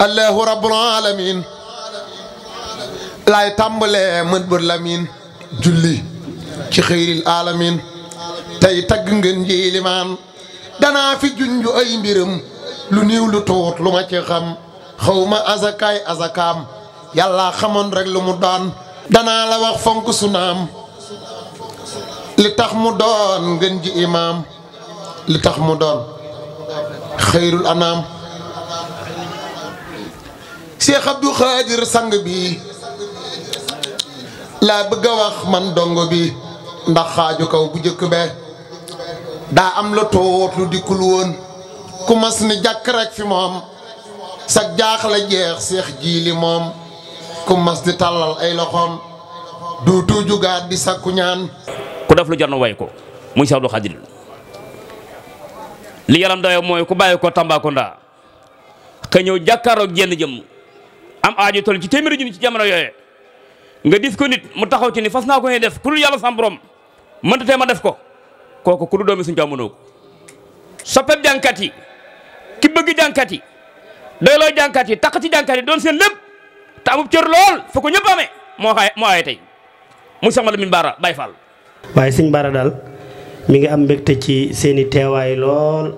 allahu rabbul alamin laay tàmbalee mën bër lamin julli ci xëyril alamin tey tagg ngeen ji limaan danaa fi junj ay mbiram lu niiw lu tuut lu ma ci xam xawma azakaay azakaam yàlla xamoon rek lu mu doon danaa la wax fonk sunaam li tax mu doon ngeen ji imaam li tax mu doon xëyrul anaam Cheikh Abdou Khadir sang bi laa bëgg a wax man dongo bi ndax xaaju kaw bu njëkk be daa am la toot lu dikkul woon ku mas ni jàkk rek fi moom sag jaaxle jeex seex jiili moom ku mas di tàllal ay loxoom duutu jugaat di sakku ñaan ku def lu jar na way ko muy Cheikh Abdou Khadir li yaram dayo mooy ku bàyyi ko Tambacounda ka ñëw jàkkaaroog jenn jëm am aaju toll ci téeméeri junni ci jamono yooye nga dis ko nit mu taxaw ci ni fas naa ko def ku dul yàlla sam borom mënta tee ma def ko kooku ku du doomi suñu coow mënoo ko jànkat yi ki bëgg jànkat yi doyloo jànkat yi taq ci jànkat yi doon seen lépp te amub cër lool fu ko ñëpp amee moo xaay tey mu sax ma baara Baay Faal waaye sëñ Bara daal mi ngi am mbégte ci seeni teewaay lool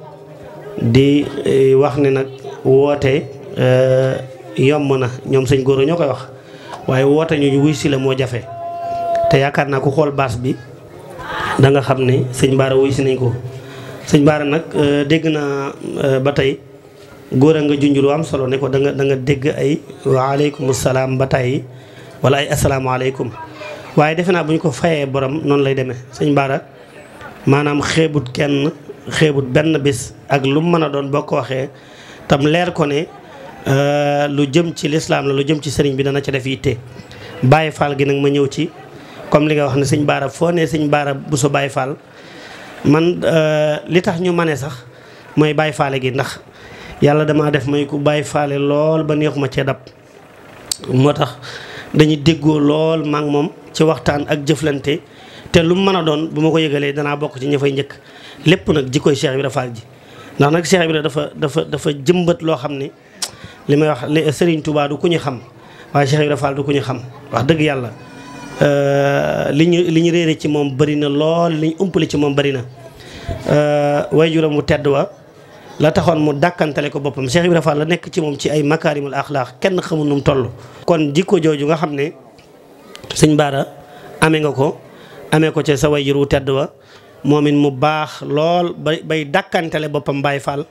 di eh, wax ne nag woote eh, yomb na ñoom sëñ góor ñoo koy wax waaye woote ñu wuy la moo jafe te yaakaar naa ku xool baas bi danga xam ne sëñ Baara wuy nañ ko. sëñ Baara nag euh, dégg naa euh, ba tey góor a nga junj am solo ne ko da nga dégg ay waaleykum salaam ba tey wala ay asalaamaaleykum waaye defe naa bu ñu ko fayee borom noonu lay deme sëñ Baara maanaam xeebut kenn xeebut benn bis ak lu mu mën a doon boo ko waxee tam leer ko ne. Euh, lu jëm ci lislaam la lu jëm ci sëriñ bi dana ca def yitte Baye faal gi nag ma ñëw ci comme li nga wax ne sëñ Baara foo ne sëñ Baara bu sa Baye Fall man euh, li tax ñu mane sax mooy Baye faale gi ndax yàlla dama def may ku Baye Fall lool ba neexuma cee dab moo tax dañuy déggoo lool maak moom ci waxtaan ak jëflante te lu mu mën a doon bu ma ko yëgalee danaa bokk ci ña fay njëkk lépp nag jikkoy Cheikh Ibra Fall ji ndax nag Cheikh Ibra dafa dafa dafa jëmbat loo xam ne li may wax Serigne sëriñ du ku ñu xam waaye Cheikh Ibrahima Fall du ku ñu xam wax dëgg yàlla euh, li ñu li ñu réere ci moom bëri na lool li ñu umpale ci moom bëri na euh, waajuram mu tedd wa la taxoon mu dàkkantale ko boppam Cheikh Ibrahima la nekk ci moom ci ay makaarimul axlaax kenn xamul nu mu toll kon jikko jooju nga xam ne sëñ Baara amee nga ko amee ko ca sa waajur wu tedd wa moom it mu baax lool ba bay dàkkantale boppam Baay Fall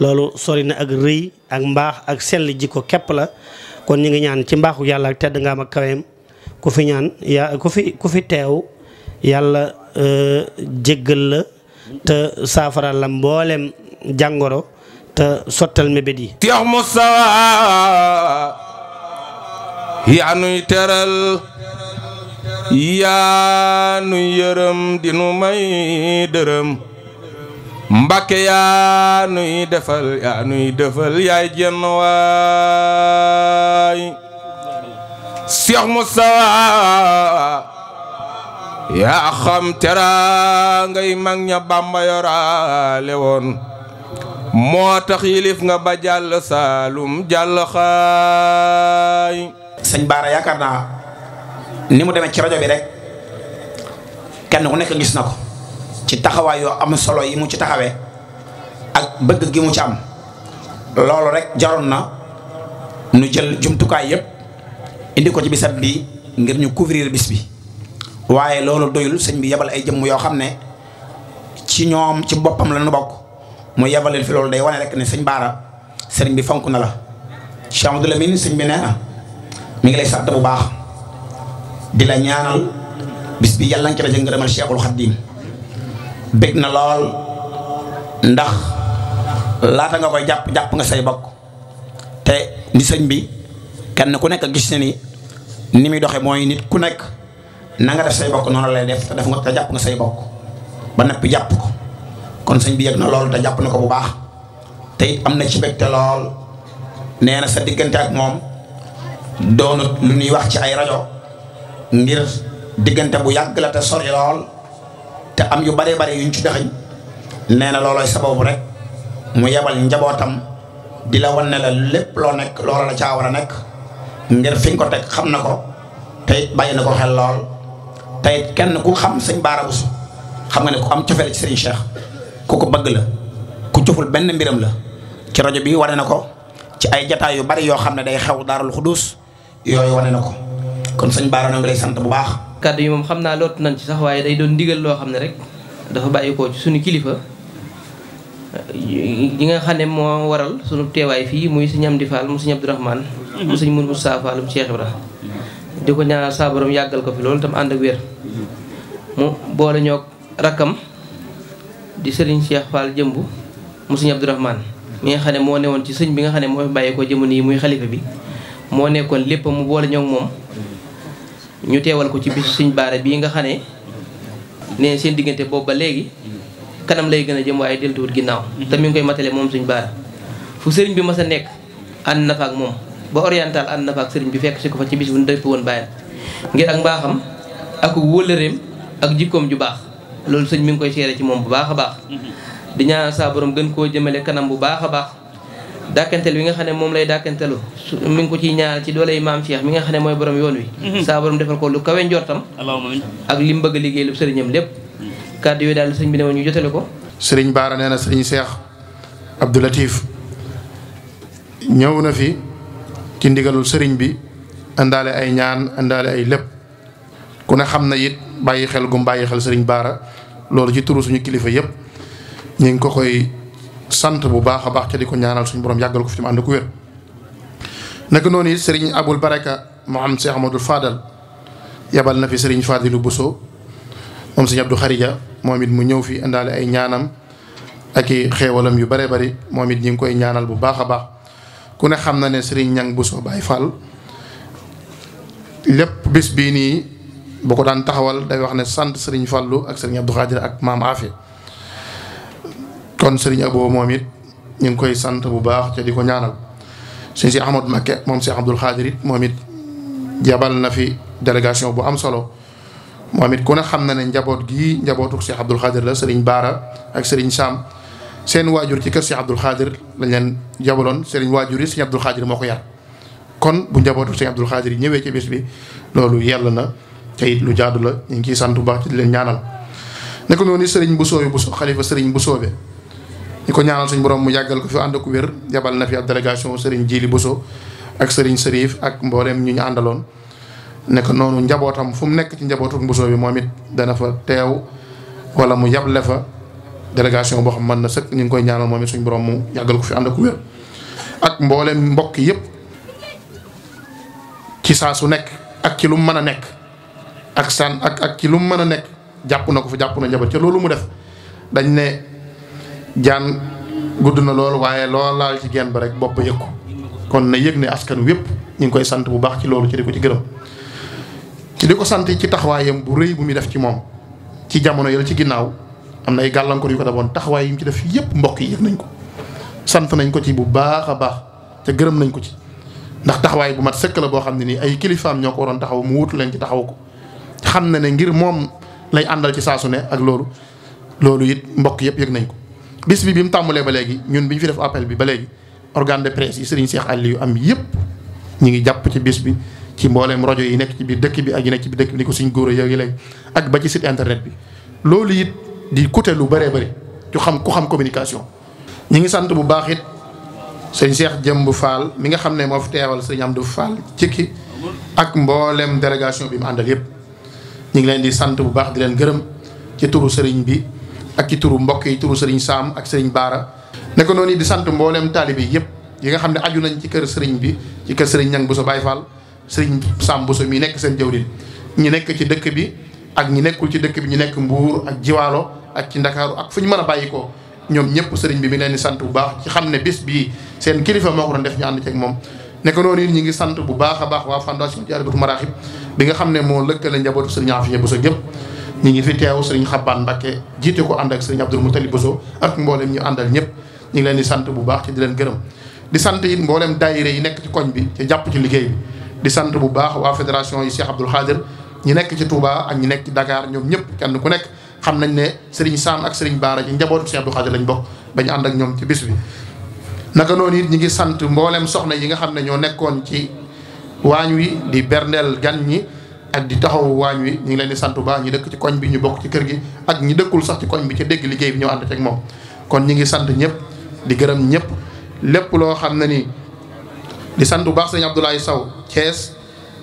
loolu sori na ak rëy ak mbaax ak sell jikko képp la kon ñu ngi ñaan ci mbaaxu yàlla ak tedd nga am ak ku fi ñaan yaa ku fi ku fi teew yàlla euh, jéggal la te saafara la mboolem jàngoro te sottal mébét yi Seex Mustafa yaa nuy teral yaa nuy yërëm dinu may dërëm mbàkke yaa nuy defal yaa nuy defal yaay jenn waay Cheikh Moustapha yaa xam teraangay mag ña Bàmba yoraale woon moo tax yilif nga ba jàll Saalum jàll xaay sëñ Baara yaakaar naa ni mu demee ci rajo bi rek kenn ku nekk gis na ko ci taxawaay yoo am solo yi mu ci taxawee ak bëgg gi mu ci am loolu rek jaroon na nu jël jumtukaay yépp indi ko ci bisab bi ngir ñu couvrir bis bi waaye loolu doyul sëñ bi yabal ay jëmm yoo xam ne ci ñoom ci boppam la nu bokk mu yebalil fi loolu day wane rek ne sëñ Baara sëriñ bi fonk na la Cheikh Amadou Lamine sëñ bi nee na mi ngi lay sant bu baax di la ñaanal bis bi yàlla nga ci la jëngërëmal Cheikhul Khadim bég na lool ndax laata nga koy jàpp jàpp nga say bokk te ni sëñ bi kenn ku nekk gis na ni ni muy doxe mooy nit ku nekk nanga def say bokk noonu lay def te def nga te jàpp nga say bokk ba noppi jàpp ko kon sëñ bi yëg na lool te jàpp na ko bu baax te it am na ci bég te lool nee na sa diggante ak moom doonut lu ñuy wax ci ay rajo ngir diggante bu yàgg la te sori lool am yu bare bare yuñ ci joxeñ nee na loolooy sababu rek mu yebal njabootam di la wan la lépp loo nekk loola la caa war a nekk ngir fi nga ko teg xam na ko teyit bàyyi na ko xel lool teyit kenn ku xam sëñ Baara Bousso xam nga ne ku am cofeel ci sëriñ Cheikh ku ko bëgg la ku coful benn mbiram la ci rajo bi wane na ko ci ay jataay yu bari yoo xam ne day xew daarul xudus yooyu wane na ko kon sëñ Baara ñoo ngi lay sant bu baax. kàddu yi moom xam naa lootu nañ ci sax waaye day doon digal loo xam ne rek dafa bàyyikoo ci suñu kilifa yi nga xam ne moo waral suñu teewaay fii muy sëñ Amdi Fall mu sëñ Abdourahmane mu sëñ Mourou Moustapha Fall di ko ñaanal saa yàggal ko fi loolu tam ànd ak wér mu boole ñoo rakkam di sëriñ Cheikh Fall jëmbu mu sëñ Abdourahmane mu nga xam ne moo newoon ci sëñ bi nga xam ne moo fi bàyyeekoo jëmm nii muy xalifa bi moo nekkoon lépp mu boole ñoo moom ñu teewal ko ci bisu sëñ baare bii nga xam ne nee seen diggante boobu ba léegi kanam lay gën a jëm waaye deltuwut ginnaaw te mi ngi koy matale moom sëñ baare fu sëriñ bi ma sa nekk ànd na fa ak moom ba oriental ànd na fa ak sëriñ bi fekk si ko fa ci bis bu ñu dëpp woon bàyyam ngir ak mbaaxam ak wóllëreem ak jikkoom ju baax loolu sëñ mu ngi koy seere ci moom bu baax a baax di ñaan saa gën koo jëmale kanam bu baax a baax dàkkantel bi nga xam ne moom lay dàkkantelu mi ngi ko ciy ñaanal ci doole yi maam Cheikh mi nga xam ne mooy borom yoon wi mhm. saa borom defal ko lu kawe njortam ak li mu bëgg a liggéey lu sëriñam lépp kàddu yooyu daal sëñ bi ne woon ñu jotale ko sëriñ Baara nee na sëriñ Cheikh Abdou ñëw na fi ci ndigalul sëriñ bi indaale ay ñaan indaale ay lépp ku ne xam na it bàyyi xel gum bàyyi xel sëriñ Baara loolu ci turu suñu kilifa yëpp ñu ngi ko koy sant bu baax a baax ca di ko ñaanal suñu borom yàggal ko fi mu ànd ko wér naka noonu it sëriñ Abul Baraka Mouhamed Cheikh Ahmadou faadal yabal na fi sëriñ Fadilu Bousso moom sëriñ Abdou Xarija moom it mu ñëw fi indaale ay ñaanam ak i xeewalam yu bare bari moom it ñu ngi koy ñaanal bu baax a baax ku ne xam na ne sëriñ Ñang Bousso Baye Fall lépp bis bii nii bu ko daan taxawal day wax ne sant sëriñ Fallu ak sëriñ Abdou Xaadir ak maam Afia. kon sëriñ Abo moom it ñu ngi koy sant bu baax te di ko ñaanal sëriñ si Ahmad Makke moom si Abdul Xaadir it moom it jabal na fi délégation bu am solo moom it ku ne xam na ne njaboot gii njabootu si Abdul Xaadir la sëriñ Baara ak sëriñ Sam seen waajur ci kër si Abdul Xaadir lañ leen jabaloon sëriñ yi sëriñ Abdul Xaadir moo ko yar kon bu njabootu sëriñ Abdul Xaadir yi bis bi loolu yell na te lu jaadu la ñu ngi ciy sant bu baax ci di leen ñaanal. ne ko noonu sëriñ Bousso yu Bousso xalifa sëriñ Bousso be di ko ñaanal suñu borom mu yàggal ko fi ànd ak wér na fi ab délégation Serigne Jili Bousso ak Serigne Serif ak ñu ñu àndaloon. nekk noonu njabootam fu mu nekk ci njabootu Bousso bi moom it dana fa teew wala mu yable fa délégation boo xam mën na sëkk ñu ngi koy ñaanal moom it suñu borom mu yàggal ko fi ànd ak wér ak mboolem mbokk yëpp ci saa su nekk ak ci lu mu mën a nekk ak san ak ak ci lu mën a nekk jàpp na ko fa jàpp na njaboot ca loolu mu def dañ ne. jaan gudd na loolu waaye lool laal ci genn ba rek bopp yëg ko kon na yëg ne askanu yëpp ñu ngi koy sant bu baax ci loolu ci di ko ci gërëm ci di ko sant ci taxawaayam bu rëy bu muy def ci moom ci jamono yële ci ginnaaw am na ay gàllankoor yu ko defoon taxawaay yi mu ci def yëpp mbokk yi nañ ko sant nañ ko ci bu baax a baax te gërëm nañ ko ci ndax taxawaay bu mat sëkk la boo xam ne nii ay kilifaam ñoo ko waroon taxaw mu wut leen ci taxaw ko xam na ne ngir moom lay àndal ci saasu ne ak loolu loolu it mbokk yëpp yëg nañ ko bis bi bi mu tàmbalee ba léegi ñun bi ñu fi def appel bi ba léegi organ de presse yi Serigne Cheikh yu am yëpp ñu ngi jàpp ci bis bi ci mbooleem rajo yi nekk ci biir dëkk bi ak yi nekk ci dëkk bi ko suñ góor a yooyu léegi ak ba ci site internet bi loolu it di coûter lu bëree bëri cu xam ku xam communication ñu ngi sant bu baax it sëñ jëm bu faal mi nga xam ne moo fi teewal sëñ Amdou ci cikki ak mboolem délégation bi mu àndal yëpp ñu ngi leen di sant bu baax di leen gërëm ci turu sëriñ bi ak ci turu mbokk yi turu sëriñ Saam ak sëriñ Baara ne ko noonu di sant mbooleem taalibe yëpp yi nga xam ne aju nañ ci kër sëriñ bi ci kër sëriñ Ñang so Baye Fall sëriñ Saam Bousso mi nekk seen jawriñ ñi nekk ci dëkk bi ak ñi nekkul ci dëkk bi ñu nekk Mbuur ak Jiwaalo ak ci Ndakaaru ak fu ñu a bàyyi ñoom ñëpp sëriñ bi mi di sant bu baax ci xam ne bis bii seen kilifa moo ko doon def ñu ànd moom ne ko noonu ñu ngi sant bu baax a baax waa fondation Dialibatoul Marakhib bi nga xam ne moo lëkkale njabootu sëriñ bu Bousso gépp ñi ngi fi teew sëriñ Xabbaan Mbàkke jiite ko ànd ak sëriñ Abdul Mutalib Bousso ak mboolem ñu àndal ñëpp ñu ngi leen di sant bu baax ci di leen gërëm di sant mboolem daayire yi nekk ci koñ bi jàpp ci liggéey bi di sant bu baax waa fédération yi Cheikh Abdoul Khadir ñi nekk ci Touba ak ñi nekk ci Dakar ñoom ñëpp kenn ku nekk xam nañ ne seriñ Sam ak seriñ Baara ci njabootu Cheikh Abdoul Khadir lañ bokk bañ ànd ak ñoom ci bis bi naka noonu it ñu ngi sant mbooleem soxna yi nga xam ne ñoo nekkoon ci waañ wi di berndeel gan ñi ak di taxawu waañ wi ñu ngi leen di sant bu baax ñu dëkk ci koñ bi ñu bokk ci kër gi ak ñi dëkkul sax ci koñ bi ca dégg liggéey bi ñëw ànd ceeg moom kon ñi ngi sant ñëpp di gërëm ñëpp lépp loo xam ne nii di sant bu baax sëñ Abdoulaye saw cees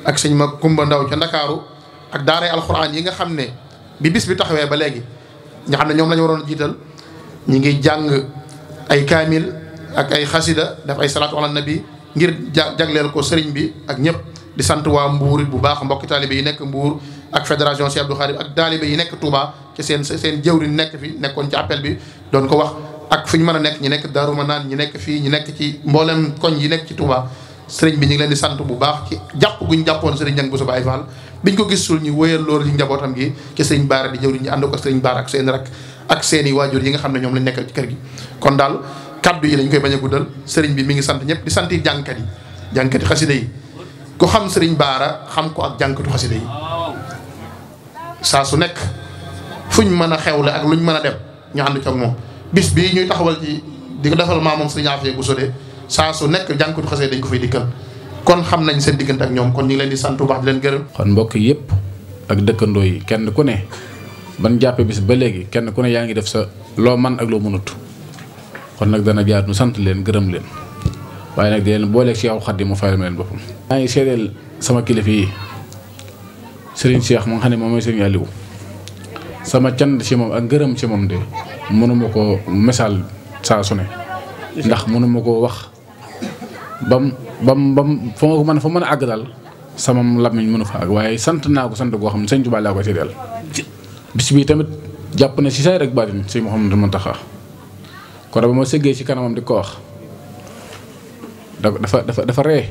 ak sëñ ma Kumba Ndaw ca Ndakaaru ak daaray alxuraan yi nga xam ne bi bis bi taxawee ba léegi nga xam ne ñoom la ñu waroon jiital ñi ngi jàng ay kaamil ak ay xasida daf ay salaatu ala nabi ngir jagleel ko sëriñ bi ak ñëpp di sant waa Mbour bu baax mbokki taalibe yi nekk Mbour ak fédération Cheikh Abdou Khadim ak taalibe yi nekk Touba ci seen seen jëwriñ nekk fi nekkoon ci appel bi doon ko wax ak ñu mën a nekk ñi nekk Darou Manane ñi nekk fii ñi nekk ci mboolem koñ yi nekk ci Touba sëriñ bi ñu ngi leen di sant bu baax ci jàpp gu ñu jàppoon sëriñ Ndiang Bousso Baye Fall biñ ko gisul ñu wéyal loolu ci njabootam gi ci sëriñ Baara di jëwriñ ñi ànd ko sëriñ Baara ak seen rek ak seen i waajur yi nga xam ne ñoom lañ nekk ci kër gi kon daal kaddu yi lañ koy bañ a guddal sëriñ bi mi ngi sant ñëpp di sant jàngkat yi jàngkat yi xasida yi ku xam sëriñ baara xam ko ak jànkatu xasida yi saa su nekk fuñ mën a xewle ak lu ñu mën a dem ñu ànd ci moom bis bii ñuy taxawal ci di ko defal maa moom sëriñ Afia bu sodee saa su nekk jànkatu xasida dañ ko fay dikkal kon xam nañ seen diggante ak ñoom kon ñu leen di sant bu baax leen gërëm kon mbokk yëpp ak dëkkandoo yi kenn ku ne ban jàppe bis ba léegi kenn ku ne yaa ngi def sa loo man ak loo mënut kon nag dana jaar nu sant leen gërëm leen waaye nag di leen booleeg Cheikhul Khadim mu fayal leen boppam. maa ngi seedeel sama kilifa yi Serigne Cheikh mu nga xam ne moom mooy Serigne Aliou sama cant ci moom ak ngërëm ci moom de mënuma ko misaal saa ne ndax mënuma koo wax bam bam bam fa ma ko mën mën a àgg daal sama làmmiñ fa àgg waaye sant naa ko sant goo xam ne sëñ Tuubaa laa koy tamit jàpp na si say rek baatin si Mouhamadou Mountakha kon ba ma sëggee ci kanamam di ko wax. dafa dafa dafa ree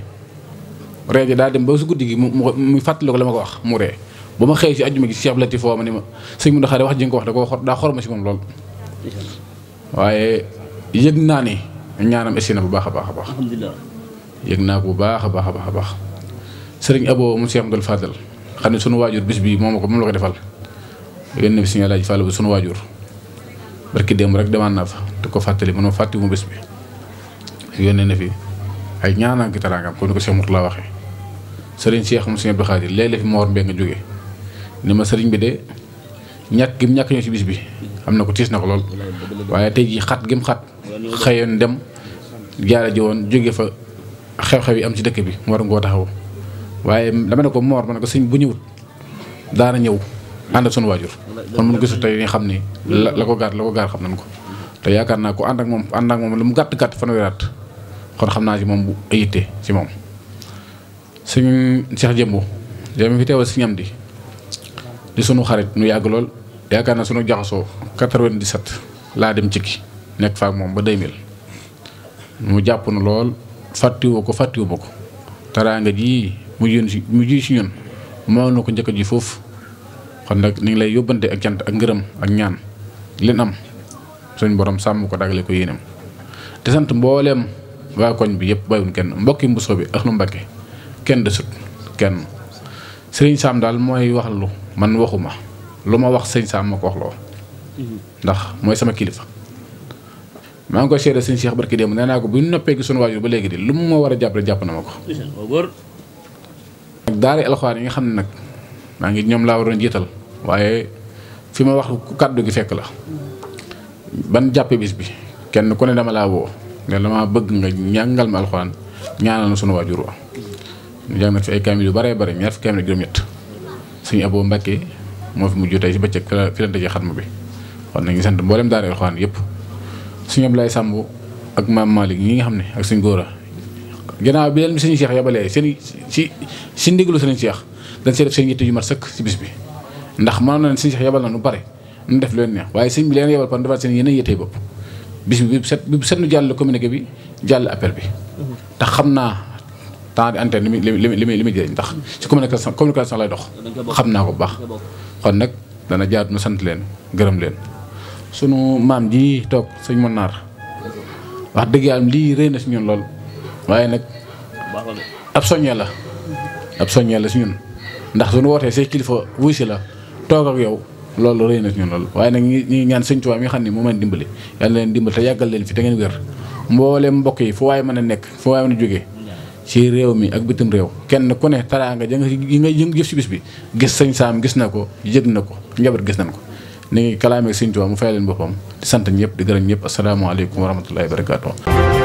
ree ji daa dem ba su guddi gi mu mu fàttali ko la ma ko wax mu ree ba ma xëy si àjjuma gi Cheikh Latif foo ma ni ma sëñ mu ndaxare wax ji nga ko ko xor daa xor si moom lool waaye yëg naa ne ñaanam essi na bu baax a baax a baax yëg naa bu baax a baax a baax a baax sëriñ Abo mu Cheikh Abdoul Fadal xam ne sunu waajur bis bi moom ko moom la ko defal yónni bi suñu laaj fàll bu sunu waajur barki démb rek demaan naa fa te ko fàttali man ma fàttiwu bés bi yónnee na fi ay ñaanaan ki taraangam kon ni ko Cheikh Mourtala waxee sëriñ Cheikh Moussa Abdou Khadir léeg la fi Mor Mbengue nga jógee ni ma sëriñ bi de ñàkk gi mu ñàkk ñëw ci bis bi am na ko tiis na ko lool waaye tey jii xat gi mu xat xëyoon dem jaara ji woon fa xew-xew yi am ci dëkk bi mu war ngoo taxaw waaye dama ne ko Mor ma ne ko sëñ bu ñëwut daana ñëw ànd ak sunu waajur kon mun gisul tey ni xam ni la ko gaar la ko gaar xam nañ ko te yaakaar naa ko ànd ak moom ànd ak moom lu mu gàtt gàtt fanweeraat kon xam naa ci moom bu yitte ci moom suñ Cheikh Jëmbu jami fi teewal siñu am di di sunu xarit nu yàgg lool yaakaar na suñu jaxasoo 97 laa dem cikki nekk faak moom ba 2000 mu jàpp nu lool fàttiwu ko fàttiwu ma ko taraanga ji mu yén mu ji si ñun moo na ko njëkk ji foofu kon nag ni ngi lay yóbbante ak cant ak ngërëm ak ñaan leen am suñ boroom sàmm ko dagale ko yéenam te sant mbooleem waa koñ bi yëpp bàyyiwuñ kenn mbokki mbusoo bi ak lu mbakke kenn desut kenn sëriñ Saam daal mooy wax lu man waxuma lu ma wax sëñ Saam ma ko wax loo ndax mooy sama kilifa maa ngi koy seede sëñ Cheikh barki démb nee naa ko bu ñu noppee gi sunu waajur ba léegi di lu mu ma war a jàpp jàpp na ma ko ak daara alxuraan yi nga xam ne nag maa ngi ñoom laa waroon jiital waaye fi ma wax ku kàddu gi fekk la ban jàppe bis bi kenn ku ne dama laa woo ne dama bëgg nga ñàngal ma alxuraan ñaanal na sunu waajur wa ñu jàng na fi ay kaamil yu bare bare ñaar fi kaamil ak juróom-ñett suñu moo fi mujj tey si bëccëg fi la fi la dajee xatma bi kon nañu sant mboolem daara alxuraan yëpp suñu Ablaye Samb ak maam Malick ñi nga xam ne ak suñu góor a bi leen suñu Cheikh yabalee seen si si ndigalu seen Cheikh dañ see def seen yitte yu mat sëkk si bis bi ndax mënoon na leen suñu yabal na nu bare nu def lu leen neex waaye sëñ bi leen yabal par defaat seen yeneen yitte bopp bis bi bu set bi bu set nu jàll communiqué bi jàll appel bi. ndax xam naa temps de antenne li muy li muy li muy li muy jëriñ ndax ci communication communication lay dox. xam naa ko bu baax. kon nag dana jaadu nu sant leen gërëm leen. sunu maam ji toog sëñ mën naar wax dëgg yàlla lii rëy na si ñun lool waaye nag ab soññee la ab soññee la si ñun ndax suñu wootee say kilifa wuy si la toog ak yow. loolu rëy na ñun loolu waaye nag ñi ñi ñaan sëñ Tuubaa mi nga xam ne moo mën dimbali yàlla leen dimbali te yàggal leen fi te ngeen wér mbooleem mbokk yi fu waaye mën a nekk fu waaye mën a jógee ci réew mi ak bitim réew kenn ku ne taraanga ja nga yi nga jëf si bis bi gis sëñ Saam gis na ko yëg na ko njaboot gis nañ ko ni ngi kalaamee sëñ mu fay leen boppam di sant ñëpp di gërëm ñëpp asalaamaaleykum wa rahmatullahi wa barakaatu